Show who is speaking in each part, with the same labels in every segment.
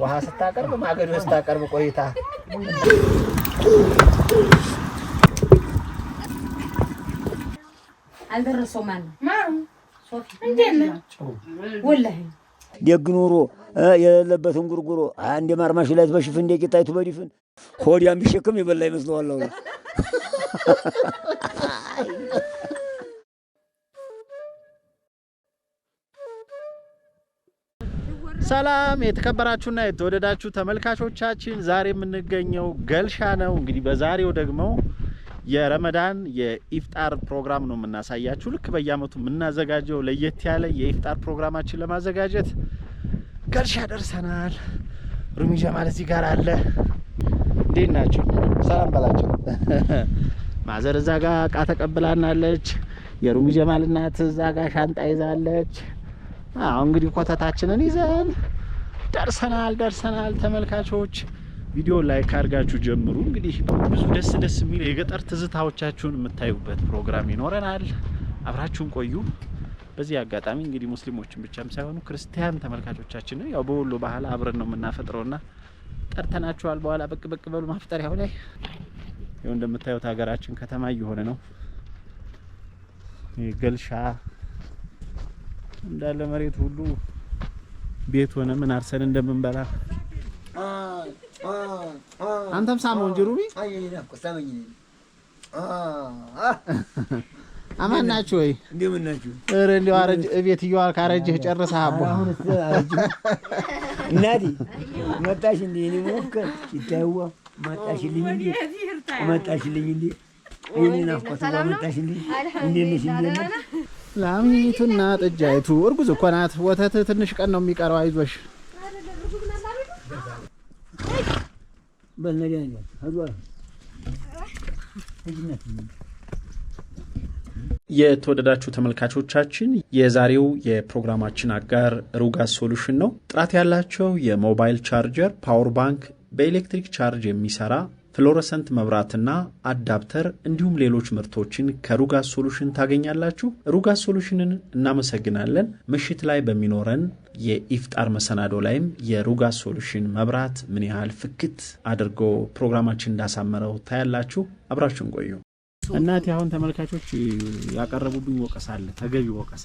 Speaker 1: ውሃ ስታቀርብ ማገዶ ስታቀርብ ቆይታ
Speaker 2: አልደረሰውም።
Speaker 3: ማነው
Speaker 1: ደግ ኑሮ የሌለበትን ጉርጉሮ አንድ ማርማሽ ላይ በሽፍ እንደ ቂጣይቱ በዲፍን ሆዲያም ቢሸክም ይበላ ይመስለዋል።
Speaker 4: ሰላም የተከበራችሁና የተወደዳችሁ ተመልካቾቻችን፣ ዛሬ የምንገኘው ገልሻ ነው። እንግዲህ በዛሬው ደግሞ የረመዳን የኢፍጣር ፕሮግራም ነው የምናሳያችሁ። ልክ በየአመቱ የምናዘጋጀው ለየት ያለ የኢፍጣር ፕሮግራማችን ለማዘጋጀት ገልሻ ደርሰናል። ሩሚ ጀማል እዚህ ጋር አለ። እንዴት ናቸው? ሰላም በላቸው። ማዘር እዛ ጋር እቃ ተቀብላናለች። የሩሚ ጀማል እናት እዛ ጋር ሻንጣ ይዛለች። አዎ እንግዲህ ኮተታችንን ይዘን ደርሰናል ደርሰናል። ተመልካቾች ቪዲዮ ላይክ አድርጋችሁ ጀምሩ። እንግዲህ ብዙ ደስ ደስ የሚል የገጠር ትዝታዎቻችሁን የምታዩበት ፕሮግራም ይኖረናል። አብራችሁን ቆዩ። በዚህ አጋጣሚ እንግዲህ ሙስሊሞችን ብቻም ሳይሆኑ ክርስቲያን ተመልካቾቻችን ያው በወሎ ባህል አብረን ነው የምናፈጥረውና ጠርተናችኋል። በኋላ ብቅ ብቅ በሉ ማፍጠሪያው ላይ ይኸው እንደምታዩት ሀገራችን ከተማ እየሆነ ነው። ገልሻ እንዳለ መሬት ሁሉ ቤት ሆነ። ምን አርሰን እንደምንበላ አንተም ሳመው እንጂ ሩቢ አማን ናችሁ ወይ? እንደምን ናችሁ? ኧረ እንደው አረጅ እቤት እየዋልክ አረጅህ ጨርሰህ አቦ
Speaker 1: እናቴ መጣሽ እንዴ? እኔ ሞከር ይታይዋ መጣሽልኝ እንዴ? መጣሽልኝ እንዴ? እኔ ናፍቆት መጣሽ እንዴ? እንዴት ነሽ?
Speaker 4: እንዴት ላሚቱና ጥጃይቱ እርጉዝ እኮ ናት። ወተት ትንሽ ቀን ነው የሚቀረው። አይዞሽ የተወደዳችሁ ተመልካቾቻችን የዛሬው የፕሮግራማችን አጋር ሩጋዝ ሶሉሽን ነው። ጥራት ያላቸው የሞባይል ቻርጀር፣ ፓወር ባንክ፣ በኤሌክትሪክ ቻርጅ የሚሰራ ፍሎረሰንት መብራትና አዳፕተር እንዲሁም ሌሎች ምርቶችን ከሩጋስ ሶሉሽን ታገኛላችሁ። ሩጋስ ሶሉሽንን እናመሰግናለን። ምሽት ላይ በሚኖረን የኢፍጣር መሰናዶ ላይም የሩጋስ ሶሉሽን መብራት ምን ያህል ፍክት አድርጎ ፕሮግራማችን እንዳሳመረው ታያላችሁ። አብራችሁን ቆዩ። እናቴ አሁን ተመልካቾች ያቀረቡብኝ ወቀሳለ ተገቢ ወቀሳ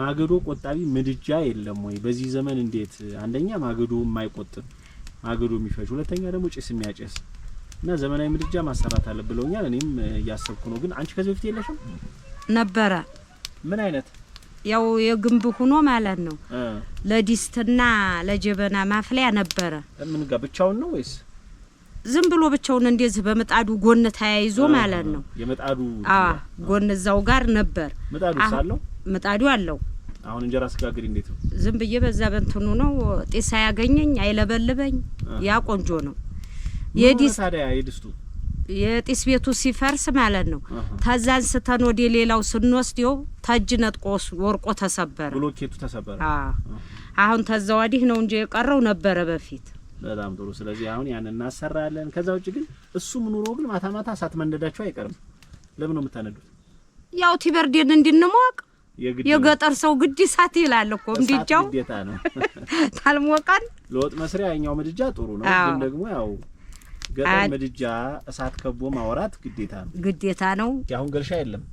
Speaker 4: ማገዶ ቆጣቢ ምድጃ የለም ወይ? በዚህ ዘመን እንዴት አንደኛ ማገዶ የማይቆጥብ ማገዶ የሚፈጅ ሁለተኛ ደግሞ ጭስ የሚያጨስ እና ዘመናዊ ምድጃ ማሰራት አለ ብለውኛል። እኔም እያሰብኩ ነው። ግን አንቺ ከዚህ በፊት የለሽም ነበረ? ምን አይነት
Speaker 2: ያው የግንብ ሁኖ ማለት ነው። ለዲስትና ለጀበና ማፍለያ ነበረ።
Speaker 4: ምን ጋር ብቻውን ነው ወይስ
Speaker 2: ዝም ብሎ ብቻውን እንደዚህ በምጣዱ ጎን ተያይዞ ማለት ነው? የምጣዱ ጎን እዛው ጋር ነበር።
Speaker 4: ምጣዱ አለው
Speaker 2: ምጣዱ አለው
Speaker 4: አሁን እንጀራ ስጋግሪ እንዴት ነው?
Speaker 2: ዝም ብዬ በዛ በንትኑ ነው ጢስ አያገኘኝ አይለበልበኝ። ያ ቆንጆ ነው።
Speaker 4: የድስቱ
Speaker 2: የጢስ ቤቱ ሲፈርስ ማለት ነው። ተዛ አንስተን ወደ ሌላው ስንወስደው ተጅ ነጥቆ ወርቆ ተሰበረ፣
Speaker 4: ብሎኬቱ ተሰበረ።
Speaker 2: አሁን ተዛ ወዲህ ነው እንጂ የቀረው ነበረ በፊት።
Speaker 4: በጣም ጥሩ። ስለዚህ አሁን ያን እናሰራለን። ከዛ ውጭ ግን እሱም ኑሮ ግን ማታ ማታ እሳት መንደዳቸው አይቀርም። ለምን ነው የምታነዱት?
Speaker 2: ያው ቲበርዴን እንድንሞቅ የገጠር ሰው ግድ እሳት ይላል እኮ ምድጃው ግዴታ ነው። ታልሞቃል
Speaker 4: ለወጥ መስሪያ ያኛው ምድጃ ጥሩ ነው፣ ግን ደግሞ ያው ገጠር ምድጃ እሳት ከቦ ማውራት ግዴታ ነው፣
Speaker 2: ግዴታ ነው።
Speaker 4: አሁን ገልሻ የለም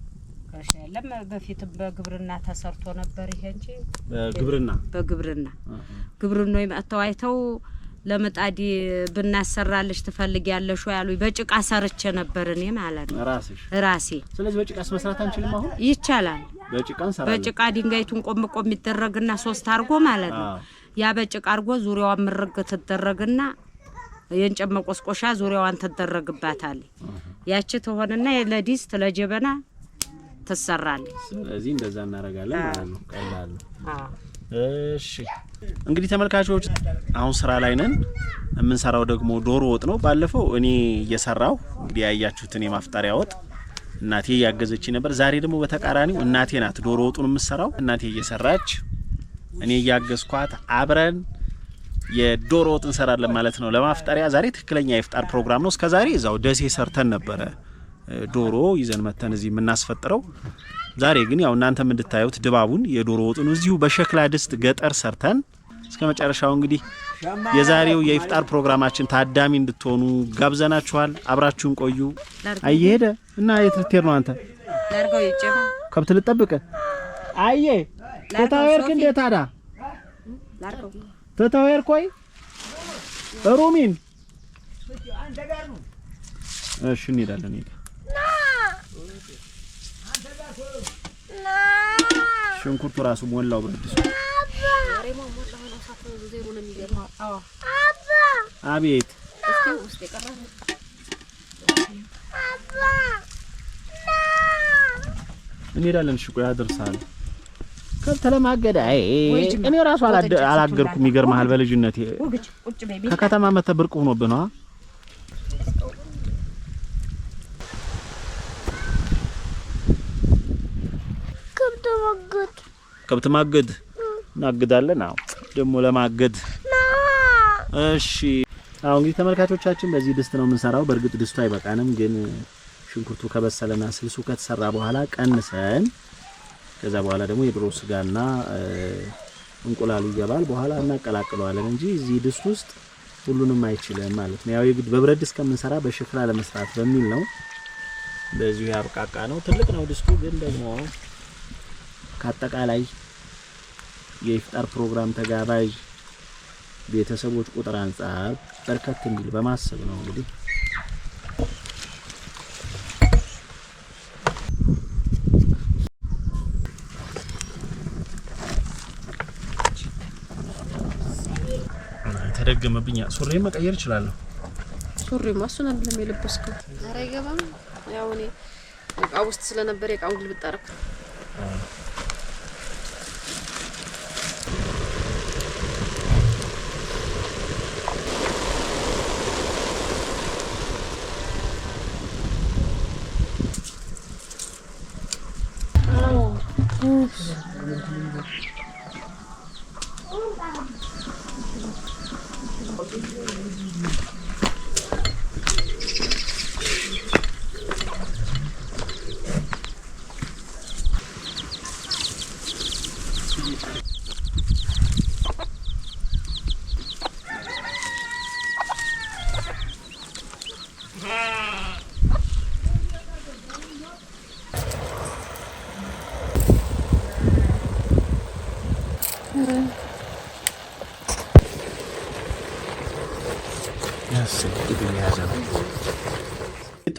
Speaker 2: ገልሻ የለም። በፊትም በግብርና ተሰርቶ ነበር ይሄ እንጂ በግብርና በግብርና ግብርና ነው መጥተው አይተው ለምጣድ ብናሰራልሽ ትፈልጊያለሽ ወይ ያሉ በጭቃ ሰርቼ ነበር እኔ ማለት ነው ራስሽ ራሴ።
Speaker 4: ስለዚህ በጭቃ መስራት አንችልም አሁን? ይቻላል። በጭቃ እንሰራለን።
Speaker 2: በጭቃ ድንጋይቱን ቆም ቆም ይደረግና ሶስት አርጎ ማለት ነው። ያ በጭቃ አርጎ ዙሪያዋን ምርግ ትደረግና የእንጨት መቆስቆሻ ዙሪያዋን ትደረግባታለች። ያቺ ትሆንና ለዲስት ለጀበና ትሰራለች።
Speaker 4: ስለዚህ እንደዛ እናረጋለን ማለት ነው። ቀላል ነው። እሺ እንግዲህ ተመልካቾች አሁን ስራ ላይ ነን። የምንሰራው ደግሞ ዶሮ ወጥ ነው። ባለፈው እኔ እየሰራው እንግዲህ ያያችሁትን የማፍጠሪያ ወጥ እናቴ እያገዘች ነበር። ዛሬ ደግሞ በተቃራኒው እናቴ ናት ዶሮ ወጡን የምሰራው። እናቴ እየሰራች እኔ እያገዝኳት አብረን የዶሮ ወጥ እንሰራለን ማለት ነው። ለማፍጠሪያ ዛሬ ትክክለኛ የፍጣር ፕሮግራም ነው። እስከዛሬ እዛው ደሴ ሰርተን ነበረ ዶሮ ይዘን መተን እዚህ የምናስፈጥረው ዛሬ ግን ያው እናንተ እንድታዩት ድባቡን የዶሮ ወጡን እዚሁ በሸክላ ድስት ገጠር ሰርተን እስከ መጨረሻው እንግዲህ የዛሬው የኢፍጣር ፕሮግራማችን ታዳሚ እንድትሆኑ ጋብዘናችኋል። አብራችሁን ቆዩ። አየሄደ እና የት ልትሄድ ነው አንተ? ከብት ልጠብቅ። አየ ተታወርክ እንዴ? ታዳ ተታወርክ ወይ ሩሚን? እሺ እንሄዳለን። ሽንኩርቱ ራሱ ሞላው ብረት አቤት እንሄዳለን። እሺ ቆይ አደርሳለሁ። ከብት ለማገድ አይ እኔ ራሱ አላገርኩም። ይገርምሃል በልጅነቴ ከከተማ መተህ ብርቅ ሆኖብህ ነዋ ከብት ማገድ እናግዳለን። አዎ ደግሞ ለማገድ እሺ። አሁን እንግዲህ ተመልካቾቻችን በዚህ ድስት ነው የምንሰራው። በእርግጥ ድስቱ አይበቃንም፣ ግን ሽንኩርቱ ከበሰለና ስልሱ ከተሰራ በኋላ ቀንሰን ከዛ በኋላ ደግሞ የዶሮ ስጋና እንቁላሉ ይገባል። በኋላ እናቀላቅለዋለን እንጂ እዚህ ድስት ውስጥ ሁሉንም አይችልም ማለት ነው። ያው የግድ በብረት ድስት ከምንሰራ በሸክላ ለመስራት በሚል ነው። በዚሁ ያብቃቃ ነው። ትልቅ ነው ድስቱ ግን ደግሞ ከአጠቃላይ የኢፍጣር ፕሮግራም ተጋባዥ ቤተሰቦች ቁጥር አንጻር በርከት እንዲል በማሰብ ነው እንግዲህ ተደገመብኝ። ሱሪ መቀየር እችላለሁ።
Speaker 2: ሱሪ ማሱን አይደለም የለበስከው።
Speaker 5: ኧረ አይገባም። ያው እኔ እቃ ውስጥ ስለነበር የእቃውን ግልብጥ አደረኩ።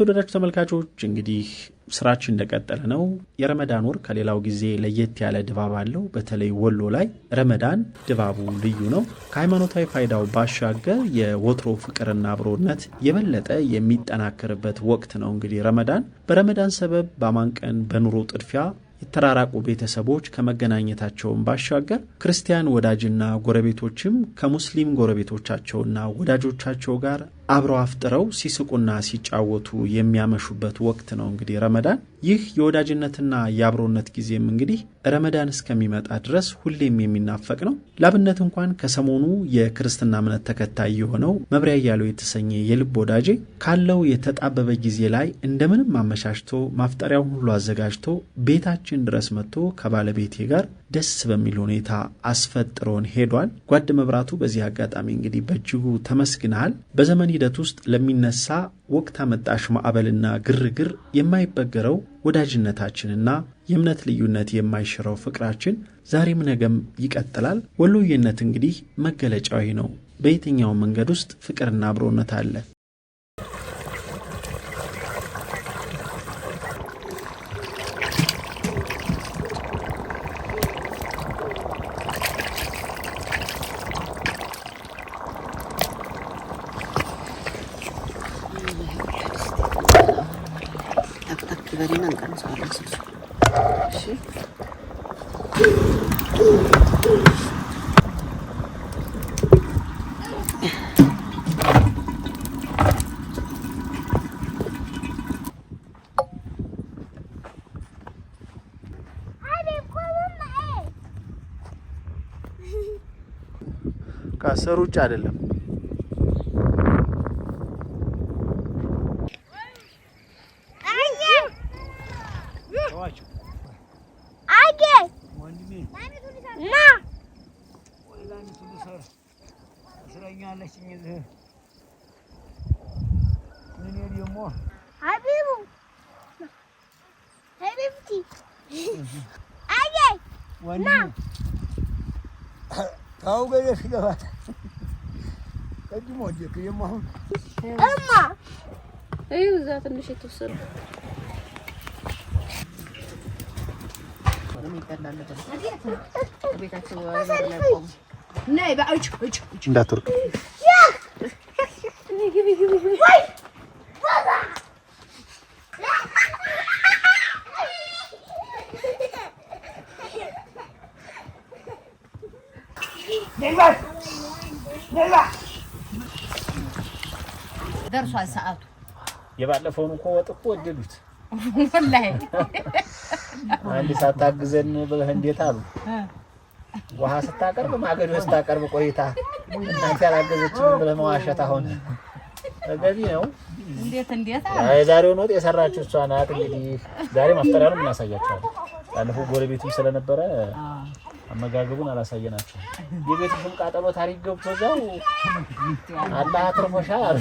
Speaker 4: የተወደዳችሁ ተመልካቾች እንግዲህ ስራችን እንደቀጠለ ነው። የረመዳን ወር ከሌላው ጊዜ ለየት ያለ ድባብ አለው። በተለይ ወሎ ላይ ረመዳን ድባቡ ልዩ ነው። ከሃይማኖታዊ ፋይዳው ባሻገር የወትሮ ፍቅርና አብሮነት የበለጠ የሚጠናከርበት ወቅት ነው። እንግዲህ ረመዳን በረመዳን ሰበብ በአማን ቀን በኑሮ ጥድፊያ የተራራቁ ቤተሰቦች ከመገናኘታቸውን ባሻገር ክርስቲያን ወዳጅና ጎረቤቶችም ከሙስሊም ጎረቤቶቻቸውና ወዳጆቻቸው ጋር አብረው አፍጥረው ሲስቁና ሲጫወቱ የሚያመሹበት ወቅት ነው እንግዲህ ረመዳን። ይህ የወዳጅነትና የአብሮነት ጊዜም እንግዲህ ረመዳን እስከሚመጣ ድረስ ሁሌም የሚናፈቅ ነው። ላብነት እንኳን ከሰሞኑ የክርስትና እምነት ተከታይ የሆነው መብሪያ እያለው የተሰኘ የልብ ወዳጄ ካለው የተጣበበ ጊዜ ላይ እንደምንም አመሻሽቶ ማፍጠሪያውን ሁሉ አዘጋጅቶ ቤታችን ድረስ መጥቶ ከባለቤቴ ጋር ደስ በሚል ሁኔታ አስፈጥሮን ሄዷል። ጓድ መብራቱ በዚህ አጋጣሚ እንግዲህ በእጅጉ ተመስግናል። በዘመን ሂደት ውስጥ ለሚነሳ ወቅት አመጣሽ ማዕበልና ግርግር የማይበገረው ወዳጅነታችንና የእምነት ልዩነት የማይሽረው ፍቅራችን ዛሬም ነገም ይቀጥላል። ወሎዬነት እንግዲህ መገለጫዊ ነው። በየትኛው መንገድ ውስጥ ፍቅርና አብሮነት አለ። በቃ ስር ውጭ አይደለም። ሀቢቡ Hadi moja kıyamam. Ama.
Speaker 2: Hayır zaten bir şey tutsarım. Ne be aç
Speaker 4: aç aç. Ne Türk. ደርሷል ሰዓቱ። የባለፈውን እኮ ወጥ እኮ ወደዱት ወላሂ። አንድ ሳታግዘን ብለህ እንዴት አሉ። ውሃ ስታቀርብ ማገዶ ስታቀርብ ቆይታ እናንተ ያላገዘችም ብለህ መዋሸት አሁን ገቢ ነው። እንዴት እንዴት የዛሬውን ወጥ የሰራችሁ እሷ ናት። እንግዲህ ዛሬ ማፍጠሪያውን እናሳያቸዋለን። ባለፈው ጎረቤቱም ስለነበረ አመጋገቡን አላሳየናቸውም። የቤትሽም ቃጠሎ ታሪክ ገብቶ እዛው አላህ አትርፎሻል አሉ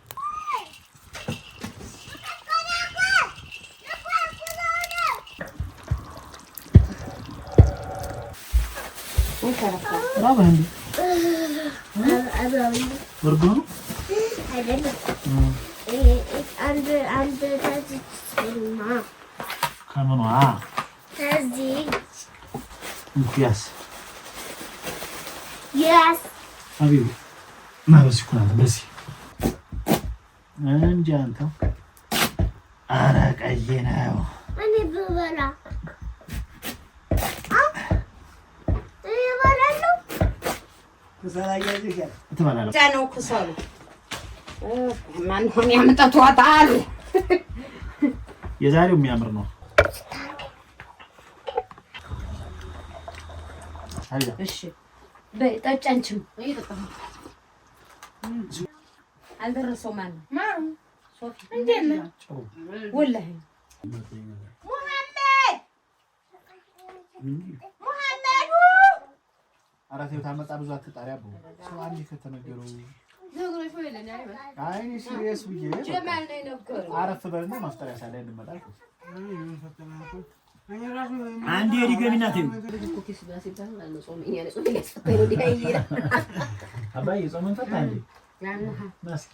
Speaker 4: Ne Bravo Hendi. Vurgun? Kann man auch. Yes. Yes. Abi, ne ما بسكون هذا بس انجا انت انا قيناه
Speaker 6: bu ببرا
Speaker 2: ነው ክሰሉ ማን ሆን ያምጠት ወጣል።
Speaker 4: የዛሬው የሚያምር ነው።
Speaker 2: እሺ በይ ጠጪ አንቺም አልደረሰው
Speaker 3: ማነው
Speaker 2: ወላሂ
Speaker 6: ሙሐመድ
Speaker 4: አራት ህይወት መጣ ብዙ አትጣሪ አቦ ሰው አንዴ ከተነገረው አይ እኔ ሲሪየስ ብዬ አረፍ በልና ማፍጠሪያ ሳለ እንመጣ አንዴ የዲ ገቢና ተዩ አባዬ ጾምን ፈታ እንዴ ማስኪ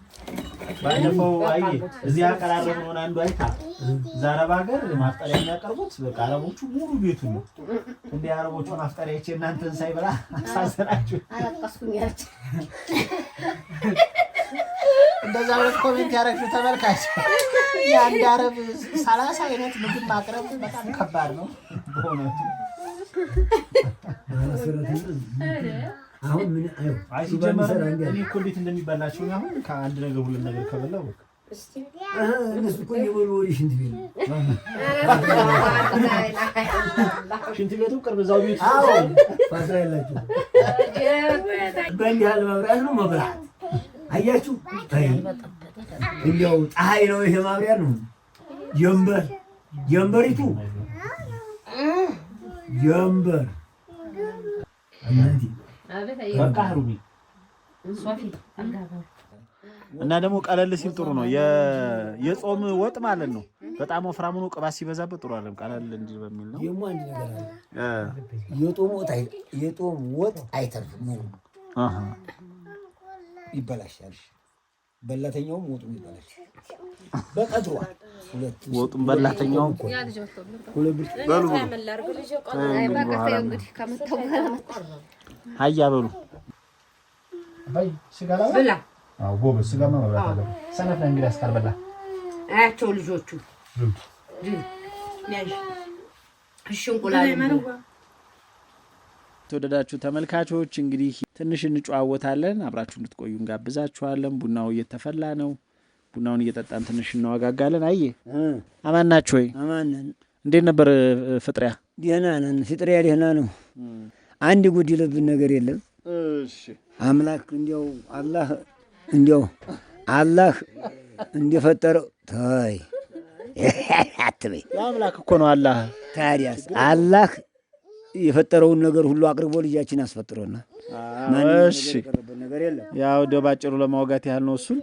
Speaker 4: ባለፈው አይ እዚህ አቀራረብ ነው አንዱ አይታ እዛ ሀገር ማፍጠሪያ የሚያቀርቡት በቃ አረቦቹ ሙሉ ቤቱ ነው እንደ አረቦቹ ማፍጠሪያ ይቼ እናንተን ሳይበላ አሳዘናችሁ። እንደዛ ብለት ኮሜንት ያደረግሽው ተመልካች የአንድ አረብ ሰላሳ አይነት ምግብ ማቅረብ በጣም ከባድ ነው በእውነቱ አሁን ምን አይ ሲጀመር እኔ እኮ እንዴት እንደሚበላቸው ነው። አሁን ከአንድ ነገር ሁሉ ነገር ከበላው እነሱ እኮ የወሉ ወዲ ሽንት ቤት ሽንት ቤቱ ቅርብ እዛው ቤት ፋሳ ያላቸው በእንዲህ ያለ ማብሪያት ነው መብራት። አያችሁ እንዲያው ፀሐይ ነው ይሄ ማብሪያ ነው። ጀንበር ጀንበሪቱ ጀንበር እና ደግሞ ቀለል ሲል ጥሩ ነው። የጾም ወጥ ማለት ነው። በጣም ወፍራም ሆኖ ቅባት ሲበዛበት ጥሩ አይደለም። ቀለል እንዲ በሚል ነው። የጦም ወጥ አይተርፍም፣ ይበላሻል። በላተኛውም ወጡ ይበላል። በቀድሯ ወጡም በላተኛውም ሁለት ሀያ በሉ ስጋማ መብላት አለ። ሰነፍ እንግዲህ አስካልበላ
Speaker 2: አያቸው ልጆቹ። እሺ
Speaker 4: ተመልካቾች እንግዲህ ትንሽ እንጨዋወታለን። አብራችሁ እንድትቆዩ እንጋብዛችኋለን። ቡናው እየተፈላ ነው። ቡናውን እየጠጣን ትንሽ እናወጋጋለን። አየ አማን ናችሁ ወይ? አማን እንዴት ነበር ፍጥሪያ?
Speaker 1: ደህና ነን። ፍጥሪያ ደህና ነው። አንድ የጎደለብን ነገር የለም። አምላክ እንዲያው አላህ እንዲያው አላህ እንደፈጠረው ተይ
Speaker 4: አትበይ። አምላክ እኮ ነው አላህ።
Speaker 1: ታዲያስ አላህ የፈጠረውን ነገር ሁሉ አቅርቦ ልጃችን አስፈጥሮና እሺ፣
Speaker 4: ያው እንደው ባጭሩ ለማውጋት ያህል ነው። እሱን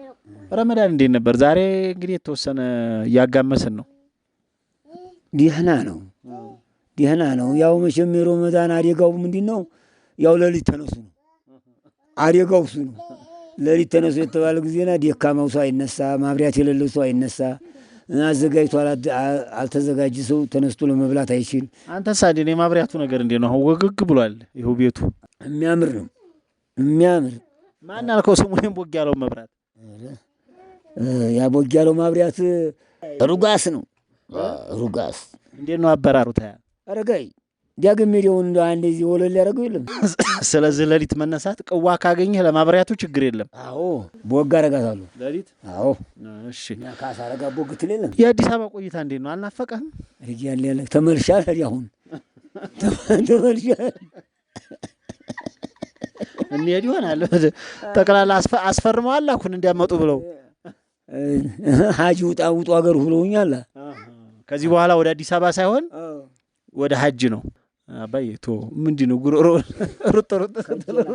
Speaker 4: ረመዳን እንዴት ነበር? ዛሬ እንግዲህ የተወሰነ እያጋመስን ነው።
Speaker 1: ደህና ነው። ደህና ነው። ያው መቼም የሮመዳን አደጋው ምንድን ነው? ያው ለሊት ተነሱ ነው አደጋው እሱ ነው። ሌሊት ተነሱ የተባለ ጊዜና ደካማው ሰው አይነሳ፣ ማብሪያት የሌለው ሰው አይነሳ፣ አዘጋጅቶ አልተዘጋጅ ሰው ተነስቶ ለመብላት አይችል።
Speaker 4: አንተ ሳዴ የማብሪያቱ ነገር እንዴት ነው? ወግግ ብሏል። ይሁ ቤቱ
Speaker 1: የሚያምር ነው የሚያምር
Speaker 4: ማን አልከው ስሙን ቦግ ያለው መብራት
Speaker 1: ያ ቦግ ያለው ማብሪያት ሩጋስ ነው ሩጋስ።
Speaker 4: እንዴት ነው አበራሩ ታያል
Speaker 1: አረጋይ ዳግም ሄደውን እንደ እንደዚህ ወለል ያደረገው የለም።
Speaker 4: ስለዚህ ለሊት መነሳት ቅዋ ካገኘህ ለማብሪያቱ ችግር የለም።
Speaker 1: አዎ ቦግ አረጋታሉ ለሊት። አዎ እሺ፣ ካሳ አረጋ ቦግ ትል የለም።
Speaker 4: የአዲስ አበባ ቆይታ እንዴት ነው? አልናፈቀህም?
Speaker 1: ሂጅ ያለ ያለ ተመልሻል። ሂድ አሁን ተመልሻል።
Speaker 4: እንሄድ ይሆናል። ጠቅላላ አስፈርመዋል አኩን እንዲያመጡ ብለው
Speaker 1: ሀጂ ውጣ ውጡ አገሩ ብለውኛል።
Speaker 4: ከዚህ በኋላ ወደ አዲስ አበባ ሳይሆን ወደ ሀጅ ነው። አባዬ ቶ ምንድን ነው ጉሮሮ ሩጥ ሩጥ ስትለው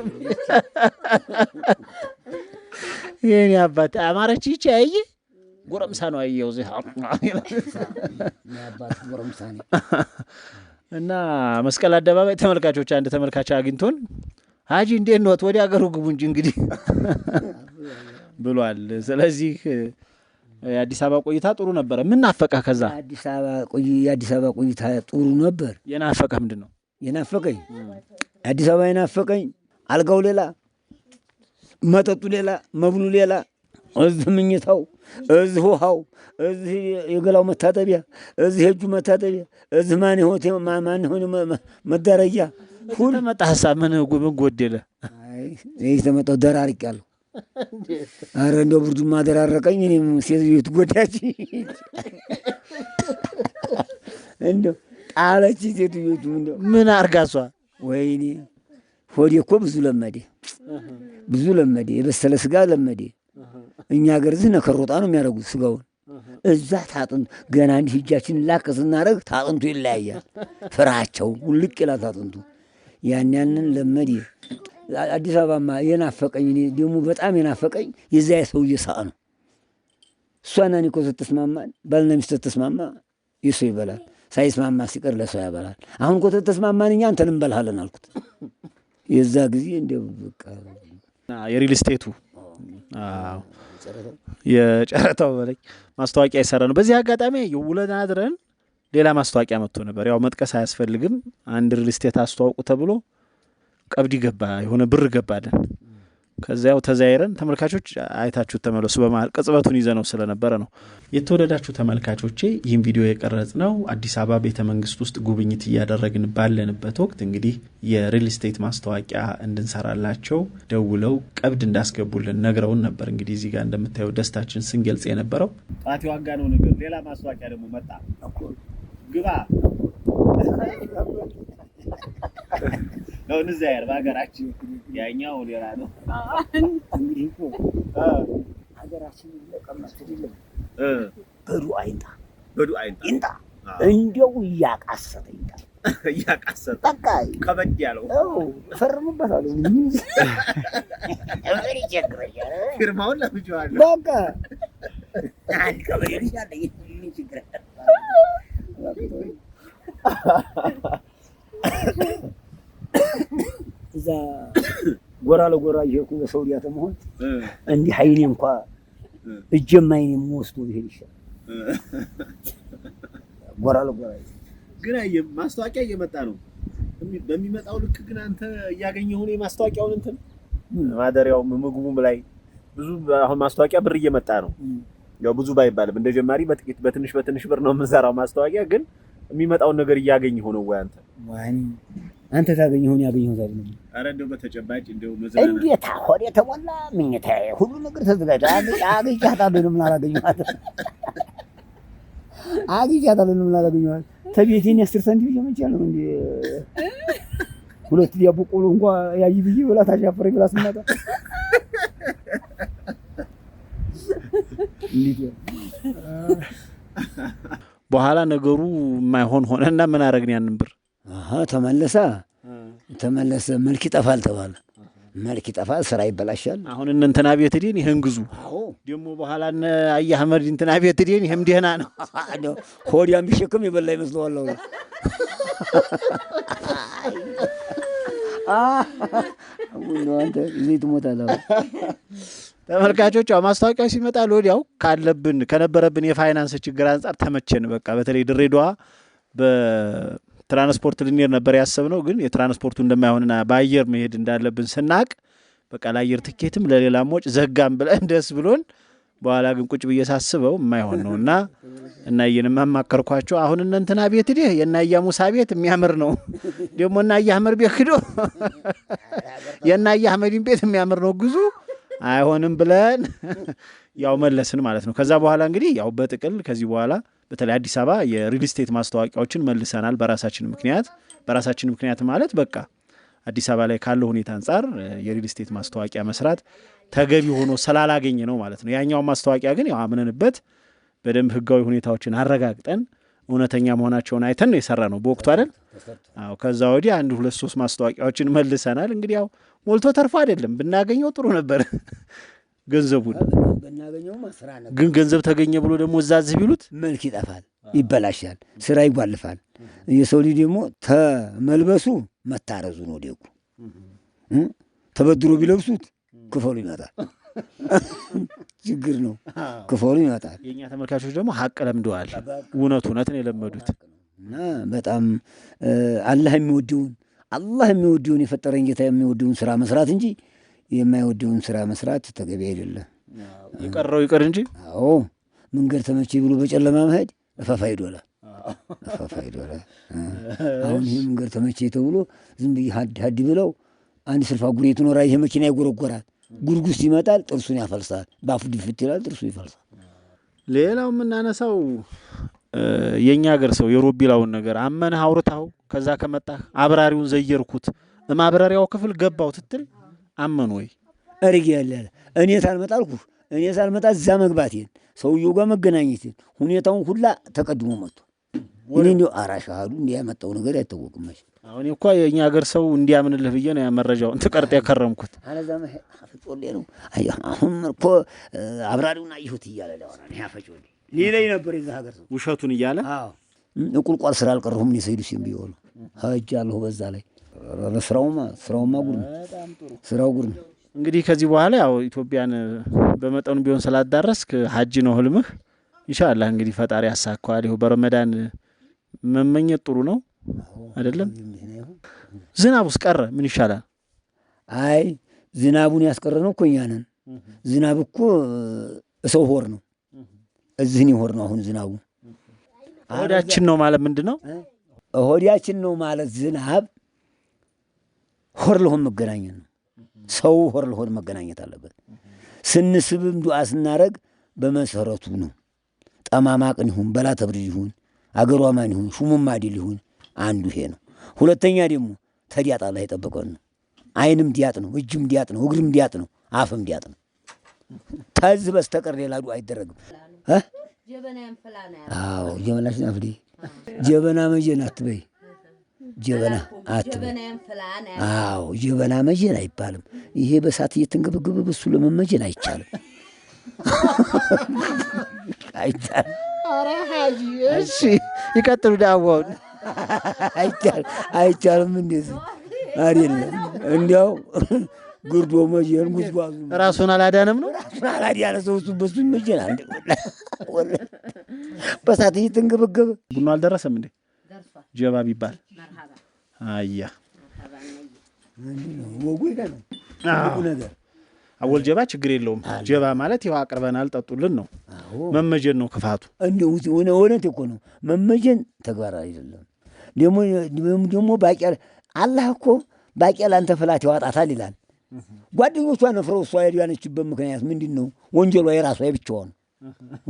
Speaker 4: የኔ አባት አማረች ይቺ አየ ጎረምሳ ነው አየው ዚህ እና መስቀል አደባባይ ተመልካቾች፣ አንድ ተመልካች አግኝቶን ሀጂ እንዴት ነት ወደ አገሩ ግቡ እንጂ እንግዲህ ብሏል። ስለዚህ የአዲስ አበባ ቆይታ ጥሩ ነበረ። ምን ናፈቀህ? ከዛ
Speaker 1: የአዲስ አበባ ቆይታ ጥሩ ነበር።
Speaker 4: የናፈቀህ ምንድን ነው?
Speaker 1: የናፈቀኝ አዲስ አበባ የናፈቀኝ አልጋው ሌላ፣ መጠጡ ሌላ፣ መብሉ ሌላ፣ እዚህ ምኝታው፣ እዚህ ውሃው፣ እዚህ የገላው መታጠቢያ፣ እዚህ የእጁ መታጠቢያ፣ እዚህ ማን ሆቴ ማን ሆነ መደረያ
Speaker 4: ሁሉ መጣ ሀሳብ ምን ጎደለ?
Speaker 1: ይህ ተመጣው ደራርቅ ያለሁ አረ እንደ ብርዱማ አደራረቀኝ። እኔም ቤት ጎዳች እንደ ጣለች ሴትዮቱ ምን አርጋሷ ወይ ወይኔ ሆዴ እኮ ብዙ ለመዴ ብዙ ለመዴ የበሰለ ስጋ ለመዴ። እኛ ሀገር ዝህ ነከሮጣ ነው የሚያደርጉት ስጋውን እዛ ታጥንቱ ገና እንዲህ እጃችን ላቅ ስናደርግ ታጥንቱ ይለያያል። ፍርሃቸው ውልቅ ይላል ታጥንቱ። ያን ያንን ለመዴ አዲስ አበባማ የናፈቀኝ ደግሞ በጣም የናፈቀኝ የዚያ የሰውዬ ሳቅ ነው። እሷና እኔ እኮ ስትስማማ ባልና ሚስት ስትስማማ የሰው ይበላል፣ ሳይስማማ ሲቀር ለሰው ያበላል። አሁን እኮ ስትስማማን እኛ አንተን እንበልሃለን አልኩት። የዛ ጊዜ እንደ በቃ
Speaker 4: የሪል ስቴቱ የጨረታው በላይ ማስታወቂያ የሰራ ነው። በዚህ አጋጣሚ ውለን አድረን ሌላ ማስታወቂያ መጥቶ ነበር። ያው መጥቀስ አያስፈልግም። አንድ ሪል ስቴት አስተዋውቁ ተብሎ ቀብድ ገባ የሆነ ብር ገባልን። ከዚያው ተዘያይረን ተመልካቾች አይታችሁ ተመለሱ በመል ቅጽበቱን ይዘ ነው ስለነበረ ነው። የተወደዳችሁ ተመልካቾቼ ይህም ቪዲዮ የቀረጽ ነው አዲስ አበባ ቤተ መንግስት ውስጥ ጉብኝት እያደረግን ባለንበት ወቅት እንግዲህ የሪል ስቴት ማስታወቂያ እንድንሰራላቸው ደውለው ቀብድ እንዳስገቡልን ነግረውን ነበር። እንግዲህ እዚህ ጋር እንደምታየው ደስታችን ስንገልጽ የነበረው ጣት ዋጋ ነው ነገር ሌላ ማስታወቂያ ደግሞ መጣ ግባ አሁን እዛ በሀገራችን ያኛው ሌላ ነው። እንግዲህ እኮ ሀገራችን ለቀመስ አይደለም በዱአ ይንጣ በዱአ ይንጣ
Speaker 1: ይንጣ እንዲያው እያቃሰተ ይንጣ
Speaker 4: እያቃሰተ በቃ ከበድ ያለው
Speaker 1: እፈርምበታለሁ። ምን
Speaker 4: ይቸግረኛል። ግርማውን ለምጄዋለሁ።
Speaker 1: በቃ አንድ ከበድ ይሻለኝ ምን ችግር እዛ ጎራ ለጎራ እየሄድኩኝ በሰውዲያ ተመሆን እንዲህ አይኔ እንኳ እጀማ አይኔ የምወስዱ ይሄድ ይሻላል። ጎራ ለጎራ
Speaker 4: ግን ማስታወቂያ እየመጣ ነው። በሚመጣው ልክ ግን አንተ እያገኘሁ ነው ማስታወቂያውን እንትን ማደሪያውም ምግቡም ላይ ብዙ አሁን ማስታወቂያ ብር እየመጣ ነው። ያው ብዙ ባይባልም እንደ ጀማሪ በጥቂት በትንሽ በትንሽ ብር ነው የምንሰራው ማስታወቂያ ግን የሚመጣውን ነገር እያገኝ ሆነው ወይ አንተ
Speaker 1: አንተ ታገኝ ሆነ ያገኘው ዛሬ
Speaker 4: ነው። አረ እንደው በተጨባጭ እንደው
Speaker 1: መዘና እንዴት ሆዴ የተሞላ ምኝታ ሁሉ ነገር ተዘጋጅ አግኝቻታለሁ። ነው ምን አላገኘኋት ያታ ነው ምን አላገኘኋት ተቤቴን አስር ሳንቲም ይመቻል ነው እንዴ ሁለት ዲያ ቆሎ እንኳ ያይ ብዬ ብላ ታሻፈረ ብላ ስመጣ
Speaker 4: እንዴት በኋላ ነገሩ የማይሆን ሆነ እና ምን አረግን? ያንን ብር
Speaker 1: ተመለሰ ተመለሰ። መልክ ይጠፋል ተባለ። መልክ ይጠፋል፣ ስራ ይበላሻል።
Speaker 4: አሁን እነ እንትና ቤት ዴን ይህን ግዙ ደግሞ በኋላ እነ አየህ አህመድ እንትና ቤት ዴን ይህም ደህና ነው። ሆዲያን ቢሸክም ይበላ ይመስለዋል። አንተ ጊዜ ትሞታለህ። ተመልካቾች ማስታወቂያ ሲመጣ ወዲያው ካለብን ከነበረብን የፋይናንስ ችግር አንጻር ተመቸን። በቃ በተለይ ድሬዳዋ በትራንስፖርት ልንሄድ ነበር ያሰብነው፣ ግን የትራንስፖርቱ እንደማይሆንና በአየር መሄድ እንዳለብን ስናቅ በቃ ለአየር ትኬትም ለሌላ ወጪ ዘጋም ብለን ደስ ብሎን በኋላ ግን ቁጭ ብዬ ሳስበው የማይሆን ነው እና እናየን ማማከርኳቸው አሁን እነንትና ቤት ዲህ የእናያ ሙሳ ቤት የሚያምር ነው ደግሞ እናያ አህመድ ቤት ክዶ የእናያ አህመድን ቤት የሚያምር ነው ግዙ አይሆንም ብለን ያው መለስን ማለት ነው። ከዛ በኋላ እንግዲህ ያው በጥቅል ከዚህ በኋላ በተለይ አዲስ አበባ የሪል ስቴት ማስታወቂያዎችን መልሰናል። በራሳችን ምክንያት በራሳችን ምክንያት ማለት በቃ አዲስ አበባ ላይ ካለው ሁኔታ አንጻር የሪል ስቴት ማስታወቂያ መስራት ተገቢ ሆኖ ስላላገኘ ነው ማለት ነው። ያኛውን ማስታወቂያ ግን ያው አምነንበት በደንብ ህጋዊ ሁኔታዎችን አረጋግጠን እውነተኛ መሆናቸውን አይተን ነው የሰራ ነው በወቅቱ አይደል? አዎ። ከዛ ወዲህ አንድ ሁለት ሶስት ማስታወቂያዎችን መልሰናል። እንግዲህ ያው ሞልቶ ተርፎ አይደለም ብናገኘው ጥሩ ነበር ገንዘቡን ግን ገንዘብ ተገኘ ብሎ ደግሞ እዛዝ ቢሉት
Speaker 1: መልክ ይጠፋል፣ ይበላሻል፣ ስራ ይጓልፋል። የሰው ልጅ ደግሞ ተመልበሱ መታረዙ ነው ደጉ። ተበድሮ ቢለብሱት ክፈሉ ይመጣል። ችግር ነው። ክፎሩ ይመጣል።
Speaker 4: የእኛ ተመልካቾች ደግሞ ሀቅ ለምደዋል። እውነት እውነትን የለመዱት
Speaker 1: እና በጣም አላህ የሚወደውን አላህ የሚወደውን የፈጠረኝ ጌታ የሚወደውን ስራ መስራት እንጂ የማይወደውን ስራ መስራት ተገቢ አይደለም።
Speaker 4: ይቀረው ይቅር እንጂ
Speaker 1: አዎ መንገድ ተመቼ ብሎ በጨለማ መሄድ እፈፋ ይዶላ እፈፋ ይዶላ። አሁን ይህ መንገድ ተመቼ ተብሎ ዝም ብዬ ሀድ ሀድ ብለው አንድ ስልፋ ጉሬ ትኖራ ይሄ መኪና ይጎረጎራል ጉርጉስ ይመጣል፣ ጥርሱን ያፈልሳል። በአፉ ድፍት ይላል፣ ጥርሱ ይፈልሳል።
Speaker 4: ሌላው የምናነሳው የእኛ ሀገር ሰው የሮቢላውን ነገር አመነህ አውርታው ከዛ ከመጣህ አብራሪውን ዘየርኩት ማብራሪያው ክፍል ገባው ትትል አመን ወይ
Speaker 1: እርግ ያለለ እኔ ሳልመጣ አልኩህ እኔ ሳልመጣ እዛ መግባቴን ሰውየው ጋር መገናኘቴን ሁኔታውን ሁላ ተቀድሞ መጥቶ እኔ እንዲ አራሽ አህዱ ያመጣው ነገር አይታወቅም
Speaker 4: መቼም አሁን እኮ የእኛ ሀገር ሰው እንዲያምንልህ ብዬ ነው መረጃውን ትቀርጥ የከረምኩት። አለዛም
Speaker 1: ፍጦሌ ነው አሁን እኮ አብራሪውን አየሁት እያለ ለሆነ ያፈጭ
Speaker 4: ሌላይ ነበር የዛ ሀገር ሰው ውሸቱን እያለ
Speaker 1: ቁልቋል ስራ አልቀረሁም እኔ ሰይዱ ሲም ቢሆኑ ሀጅ አለሁ በዛ ላይ ስራውማ ስራውማ ጉድ ነው
Speaker 4: ስራው ጉድ ነው። እንግዲህ ከዚህ በኋላ ያው ኢትዮጵያን በመጠኑ ቢሆን ስላዳረስክ ሀጅ ነው ህልምህ። ኢንሻላህ እንግዲህ ፈጣሪ ያሳካዋል። ይኸው በረመዳን መመኘት ጥሩ ነው። አይደለም። ውስጥ ቀረ ምን ይሻላል?
Speaker 1: አይ ዝናቡን ያስቀረ ነው እኮ እኛ ነን። ዝናብ እኮ ሰው ሆር ነው፣ እዚህን ይሆር ነው። አሁን ዝናቡ
Speaker 4: ሆዳችን ነው ማለት ምንድን ነው?
Speaker 1: ሆዳችን ነው ማለት ዝናብ ሆር ለሆን መገናኘት ነው። ሰው ሆር ለሆን መገናኘት አለበት። ስንስብም ዱዓ ስናደረግ በመሰረቱ ነው። ጠማማቅን ይሁን በላ ይሁን አገሯማን ይሁን ሹሙማዲል ይሁን አንዱ ይሄ ነው። ሁለተኛ ደግሞ ተዲያጣ አላህ የጠበቀን ነው። አይንም ዲያጥ ነው፣ እጅም ዲያጥ ነው፣ እግርም ዲያጥ ነው፣ አፍም ዲያጥ ነው። ተዝ በስተቀር ሌላ ዱዓ አይደረግም። አዎ ጀበናሽ ናፍዴ ጀበና መጀን አትበይ። ጀበና አትበይ። አዎ ጀበና መጀን አይባልም። ይሄ በሳት እየተንገበገበ በሱ ለመመጀን አይቻልም፣
Speaker 4: አይቻልም። ይቀጥሉ ዳዋውን
Speaker 1: አይቻልም። እንዴት አይደለም። እንዲያው ግርዶ መቼም
Speaker 4: ጉዝጓዙ ራሱን አላዳነም ነው
Speaker 1: ራሱን አላዳነ ሰው እሱ በሱ በሳት እየተንገበገበ
Speaker 4: ቡና አልደረሰም እንዴ? ጀባ ቢባል አያ አወል ጀባ ችግር የለውም። ጀባ ማለት ይኸው አቅርበናል ጠጡልን ነው። መመጀን ነው ክፋቱ።
Speaker 1: እውነት እኮ ነው። መመጀን ተግባር አይደለም። ደግሞ ባቄላ አላህ እኮ ባቄላን ተፈላት ያዋጣታል ይላል። ጓደኞቿ ነፍረው እሷ የዳነችበት ምክንያት ምንድን ነው? ወንጀሏ የራሷ የብቻዋ ነው።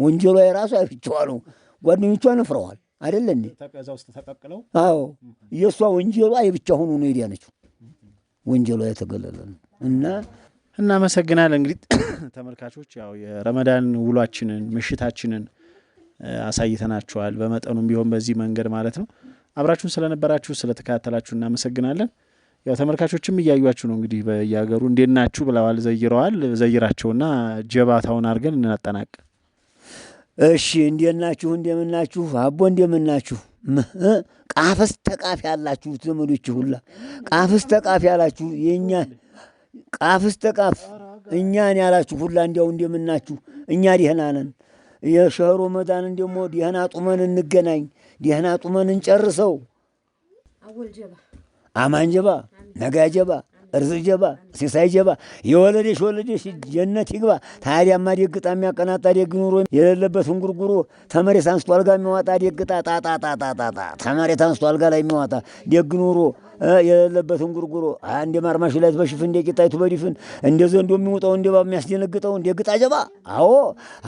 Speaker 1: ወንጀሏ የራሷ የብቻዋ ነው። ጓደኞቿ ነፍረዋል አይደለ እንዴ? አዎ የእሷ ወንጀሏ የብቻ ሆኖ ነው የዳነችው። ወንጀሏ የተገለለ ነው እና
Speaker 4: እናመሰግናለን። እንግዲህ ተመልካቾች ያው የረመዳን ውሏችንን ምሽታችንን አሳይተናቸዋል በመጠኑም ቢሆን በዚህ መንገድ ማለት ነው። አብራችሁን ስለነበራችሁ ስለተከታተላችሁ እናመሰግናለን። ያው ተመልካቾችም እያዩችሁ ነው እንግዲህ በየሀገሩ እንዴት ናችሁ ብለዋል፣ ዘይረዋል። ዘይራቸውና ጀባታውን አድርገን እናጠናቅ።
Speaker 1: እሺ እንዴት ናችሁ? ናችሁ? አቦ ናችሁ? ቃፍስ ተቃፊ ያላችሁ ዘመዶች ሁላ ቃፍስ ተቃፊ ያላችሁ የእኛ ቃፍስ ተቃፍ እኛን ያላችሁ ሁላ እንዲያው ናችሁ? እኛ ደህና ነን። የሸህሮ መዳንን ደግሞ ደህና ጡመን እንገናኝ። ደህና ጡመን እንጨርሰው። አማንጀባ ነጋጀባ እርዝ ጀባ ሲሳይ ጀባ የወለደሽ ወለደሽ ጀነት ይግባ። ታዲያማ ደግጣ የሚያቀናጣ ደግ ኑሮ የሌለበት እንጉርጉሮ ተመሬት አንስቶ አልጋ የሚዋጣ ደግጣ ጣጣጣጣጣጣ ተመሬት አንስቶ አልጋ ላይ የሚዋጣ ደግ ኑሮ የሌለበት እንጉርጉሮ አንድ ማርማሽ ላይ በሽፍ እንደ ቂጣይቱ በዲፍን እንደ ዘንዶ የሚውጠው እንደ እባብ የሚያስደነግጠው እንደ ግጣ ጀባ። አዎ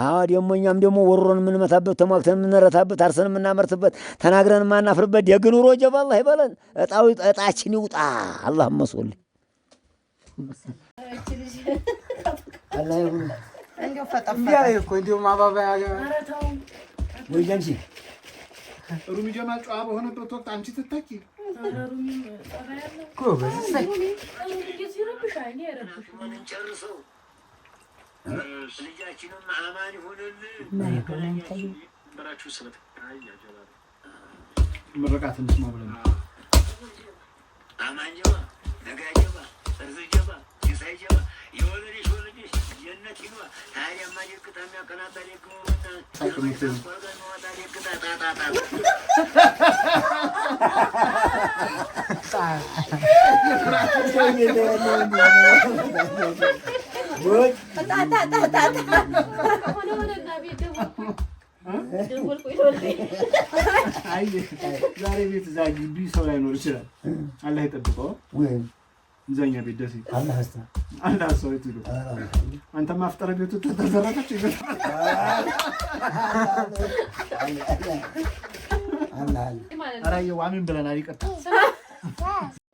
Speaker 1: አዎ፣ ደግሞ እኛም ደግሞ ወሮን የምንመታበት ተሟግተን የምንረታበት አርሰን የምናመርትበት ተናግረን የማናፍርበት ደግ ኑሮ ጀባ አላህ ይበለን። እጣችን ይውጣ። አላህ መስልኝ
Speaker 4: ሩሚጀማ ጨዋ በሆነበት ወቅት አንቺ ትታኪ ልጃችንም አማን ይሆንልን። ምርቃት እንስማ እርዝ ይገባ ይሳ ዛሬ ቤት እዛ ግቢ ሰው ላይኖር ይችላል። አላህ ይጠብቀው። እዛኛ ቤት ደሴ አንድ አሳዊት ሄዶ አንተ ማፍጠረ ቤቱ ተዘረፈች። አራየው ዋሚን ብለናል። ይቅርታ